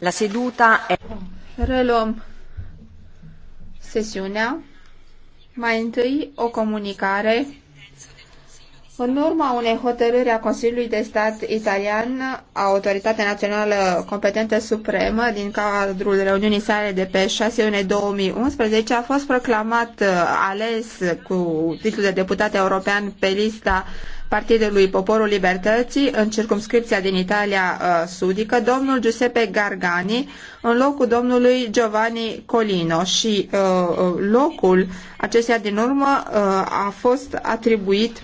La seduta Reluăm sesiunea. Mai întâi o comunicare în urma unei hotărâri a Consiliului de Stat Italian, Autoritatea Națională Competentă Supremă, din cadrul reuniunii sale de pe 6 iunie 2011, a fost proclamat uh, ales cu titlul de deputat european pe lista Partidului Poporul Libertății în circumscripția din Italia uh, Sudică, domnul Giuseppe Gargani, în locul domnului Giovanni Colino și uh, uh locul acestea din urmă uh, a fost atribuit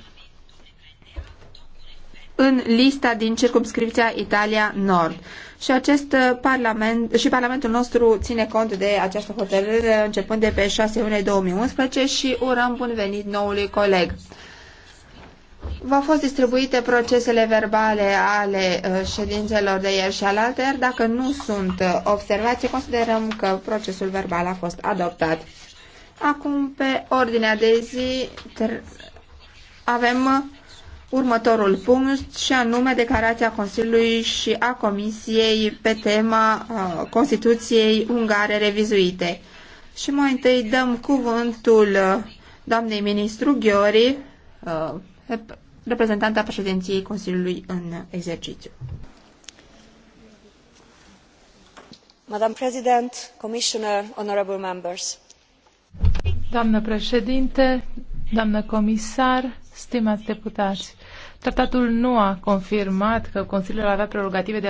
în lista din circumscripția Italia Nord. Și acest uh, parlament și parlamentul nostru ține cont de această hotărâre începând de pe 6 iunie 2011 și urăm bun venit noului coleg. V-au fost distribuite procesele verbale ale uh, ședințelor de ieri și al iar dacă nu sunt uh, observații, considerăm că procesul verbal a fost adoptat. Acum, pe ordinea de zi, avem următorul punct și anume declarația Consiliului și a Comisiei pe tema Constituției Ungare revizuite. Și mai întâi dăm cuvântul doamnei ministru Ghiori, reprezentanta președinției Consiliului în exercițiu. Madam President, Commissioner, Honorable Members. Doamnă președinte, doamnă comisar, Stimați deputați, tratatul nu a confirmat că Consiliul avea prerogative de